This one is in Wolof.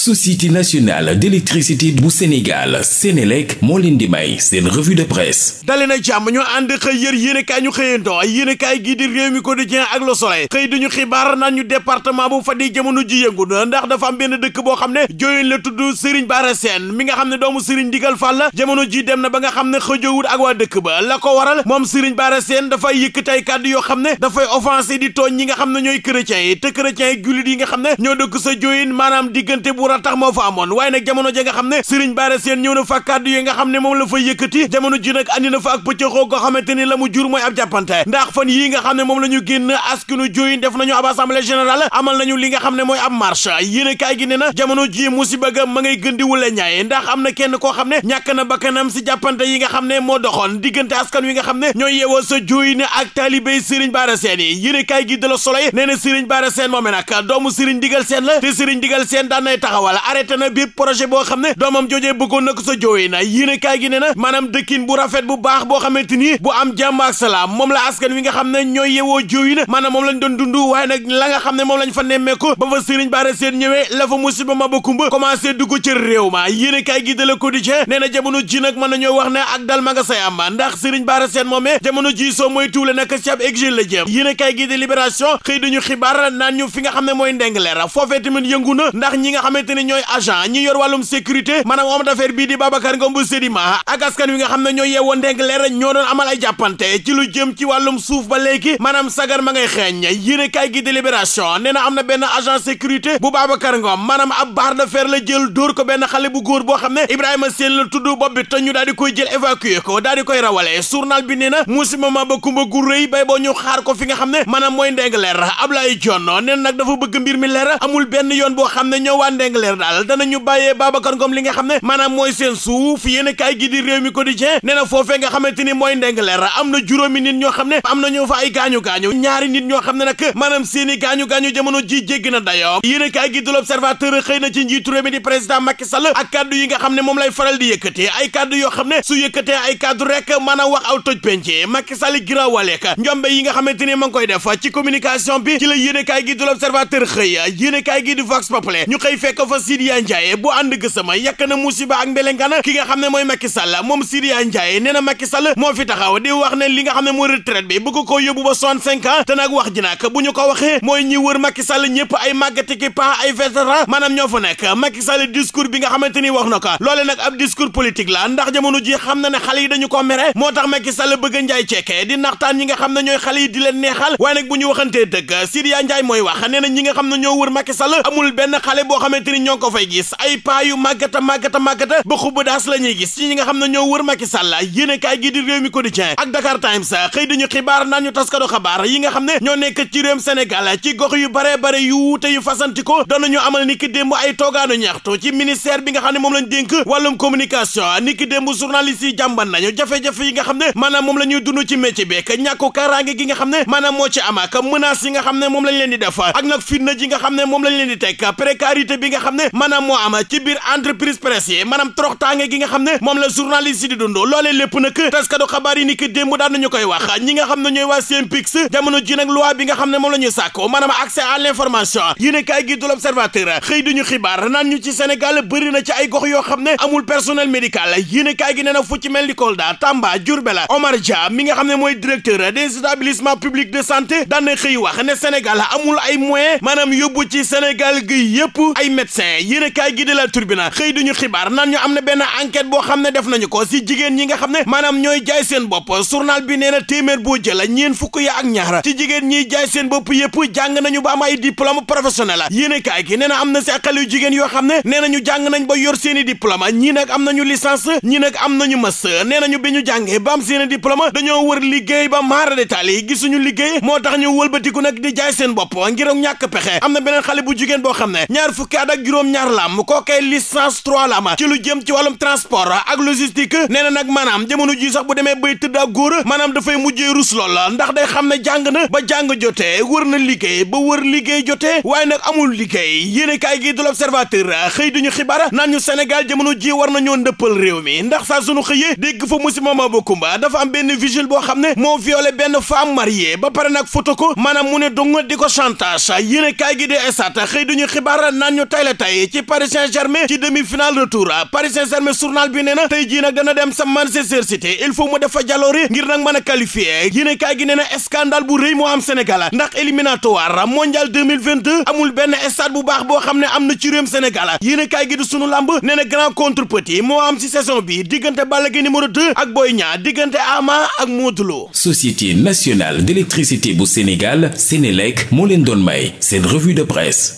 société nationale d'électricité bu Sénégal Sénélec moo leen di may seen revue de presse dale na jàmm ñu ànd xëy yër yéenekaay ñu xëyandoo yéenekaay gi di réew mi quotidien ak Le Soleil xëy dañu xibaar naan ñu département bu Fatick jamono ji yëngu na ndax dafa am benn dëkk boo xam ne jooyeen la tudd Serigne Bara Sène mi nga xam ne doomu Serigne Digal Fall la jamono ji dem na ba nga xam ne xëjoowut ak waa dëkk ba la ko waral moom Serigne Bara Sène dafay yëkkati ay kàddu yoo xam ne dafay offensé di tooñ ñi nga xam ne ñooy chrétiens yi nga xam ne ñoo dëkk sa jooyeen maanaam diggante rattax moo fa amoon waaye nag jamono ji nga xam ne Serigne Bara Sène ñëw na fa kàddu yi nga xam ne moom la fa yëkkati jamono ji nag andi na fa ak pëccëxoo koo xamante ni la mu jur mooy ab jàppante ndax fan yi nga xam ne moom la génn askanu jooy def nañu ab assemblée générale amal nañu li nga xam ne mooy ab marche yéene kaay gi ne na jamono ji musiba ga ma ngay gën di wule ñaaye ndax am na kenn koo xam ne ñàkk na bakkanam si jàppante yi nga xam ne moo doxoon diggante askan wi nga xam ne ñooy yeewoo sa jooy ne ak taalibey Serigne Bara Sène yi gi de la Soleil nee na Serigne Bara Sène moome nag doomu Serigne Digal Sène la te na wala arrêté na bépp projet boo xam ne doomam jojee bëggoon na ko sa jooyee na a kaay gi ne na maanaam dëkkin bu rafet bu baax boo xamante ni bu am jàmm ak salaam moom la askan wi nga xam ne ñooy yewoo jooyi na maanaam moom lañ doon dund waaye nag la nga xam ne moom lañ fa nemmeeku ba fa sëriñ Bara Sène ñëwee la fa musiba ma ba kumba commencé dugg ci réew ma yéen a kaay gi de la Quotidien nee na jamono ji nag mën nañoo wax ne ak dal ma nga say am ndax sëriñ Bara Sène soo mooy tuule nag ci ab exil la jëm yéen a kaay gi de libération xëy fi nga xam ne mooy ndeng leera foofee tamit yëngu na xamante ne ñooy agent ñi yor wàllum sécurité maanaam om d'affaires bii di Babacar Ngom bu Sedima ak askan wi nga xam ne ñoo yeewoo ndeng leer ñoo doon amal ay jàppante ci lu jëm ci wàllum suuf ba léegi maanaam sagar ma ngay xeeñ yéene kaay gi délibération nee na am na benn agent sécurité bu Babacar Ngom maanaam ab barre de fer la jël dóor ko benn xale bu góor boo xam ne Ibrahima Sène la tudd bopp bi te ñu daal di koy jël évacuer ko daal di koy rawale journal bi nee na musiba ma ba kumba gu rëy bay boo ñu xaar ko fi nga xam ne maanaam mooy ndeng leer Ablaye Jonn nee na nag bëgg mbir mi leer amul benn yoon boo xam ne ñoo waa ndeng leer daal danañu bàyyee Babacar Ngom li nga xam ne maanaam mooy seen suuf yéen kaay gi di réew mi quotidien nee na foofee nga xamante ni mooy ndeng leer am na juróomi nit ñoo xam ne am nañu fa ay gaañu-gaañu ñaari nit ñoo xam ne nag maanaam seeni gaañu-gaañu jamono ji jéggi na dayoo yéen kaay gi di l'observateur xëy na ci njiitu réew mi di président Macky Sall ak kaddu yi nga xam ne moom lay faral di yëkkatee ay kaddu yoo xam ne su yëkkatee ay kaddu rek maanaam wax aw toj penc Macky Sall girawaleeka njombe yi nga xamante ni ma ngi koy def ci communication bi la yéen kaay gi di l'observateur xëy fa Sidiya Ndiaye bu ànd gësama yàkk na musiba ak mbelengana ki nga xam ne mooy Macky Sall moom Sidiya Ndiaye nee na moo fi taxaw di wax ne li nga xam ne mooy retraite bi bëgg yóbbu ba 65 ans te nag wax ji nag bu ñu ko waxee mooy ñi wër Macky Sall ay màggati ki pa ay vétéran maanaam ñoo fa nekk Macky Sall bi nga xamante ni wax na loole nag ab discours politique la ndax jamono ji xam na ne xale dañu ko mere moo tax Macky bëgg a njaay ceeke di naxtaan ñi nga xam ne ni ñoo ko fay gis ay paa yu màggata màggata màggata ba xubu daas la gis ci ñi nga xam ne ñoo wër Macky Sall yéen a kaay gi di réew mi quotidien ak Dakar Times xëy dañu xibaar naan ñu taskado xabaar yi nga xam ne ñoo nekk ci réewum Sénégal ci gox yu bare bare yu wuute yu fasantikoo doon nañu amal ni ki démb ay toogaanu ñaxtu ci ministère bi nga xam ne moom lañ dénk wàllum communication ni ki démb journaliste yi jàmban nañu jafe-jafe yi nga xam ne maanaam moom la ñuy dund ci métier bi ak gi nga xam ne maanaam moo ci am ak menace yi nga moom lañ leen di def ak nag fitna ji nga xam ne moom lañ leen di xam maanaam moo am ci biir entreprise presse yi maanaam toroxtaange gi nga xam ne moom la journaliste di dund loolee lépp nag taskatu xabaar yi ni ki démb daan nañu koy wax ñi nga xam ne ñooy waa SYNPICS jamono ji nag loi bi nga xam ne moom la ñuy sàkko maanaam accès à l'information yi ne kaay gi du l'observateur xëy duñu xibaar naan ñu ci Sénégal bëri ci ay gox yoo xam ne amul personnel médical yi ne kaay gi nee na fu ci mel ni Kolda Tamba Diourbel Omar Dia nga xam ne mooy directeur des établissements publics de santé daan na xëy wax ne Sénégal amul ay moyens maanaam gi yëpp ay médecin yéen a kaay gi de la turbina xëy duñu xibaar naan ñu am na benn enquête boo xam ne def nañu ko si jigéen ñi nga xam ne maanaam ñooy jaay seen bopp journal bi nee na téeméer boo jëla ñeen fukk ya ak ñaara ci jigéen ñi jaay seen bopp yëpp jàng nañu ba am ay diplôme professionnel yéen a kaay gi nee na am na si xale jigéen yoo xam ne nee nañu jàng nañ ba yor seen i diplôme ñii nag am nañu licence ñii nag am nañu master nee nañu bi ñu jàngee ba am seen i diplôme dañoo wër liggéey ba maara détail yi gisuñu liggéey moo tax ñu wëlbatiku nag di jaay seen bopp ngir ñàkk pexe am na beneen xale bu jigéen boo xam ne ñaar fukki at ak ak juróom-ñaar la am kookee licence 3 la am ci lu jëm ci wàllum transport ak logistique nee nag maanaam jamono ji sax bu demee bay tëdd ak góor maanaam dafay mujjee rus lool ndax day xam ne jàng na ba jàng jotee wër na liggéey ba wër liggéey jotee waaye nag amul liggéey yéen kaay gi du l'observateur xëy duñu xibaar naan ñu Sénégal jamono ji war nañoo ndëppal réew mi ndax saa sunu xëyee dégg fa musiba ma bokkumba dafa am benn vigile boo xam ne moo violé benn femme mariée maanaam mu ne dong di ko chantage yéen kaay gi de esat xëy na tey ci Paris Saint-Germain ci demi-finale retour Paris Saint-Germain bi nee na tey jii nag dana dem sa Manchester City il faut mu defa jaloori ngir nag na a qualifié ne kaay gi nee na bu rëy moo am Sénégal ndax éliminatoire mondial 2022 amul benn stade bu baax boo xam ne am na ci réewum Sénégal ne kaay gi di sunu lamb nee na grand contre petit moo am si saison bi diggante Balla Gaye numéro 2 ak Boy ñaa diggante Ama ak Modou Lo Société nationale d'électricité bu Sénégal Sénélec moo leen doon may seen revue de presse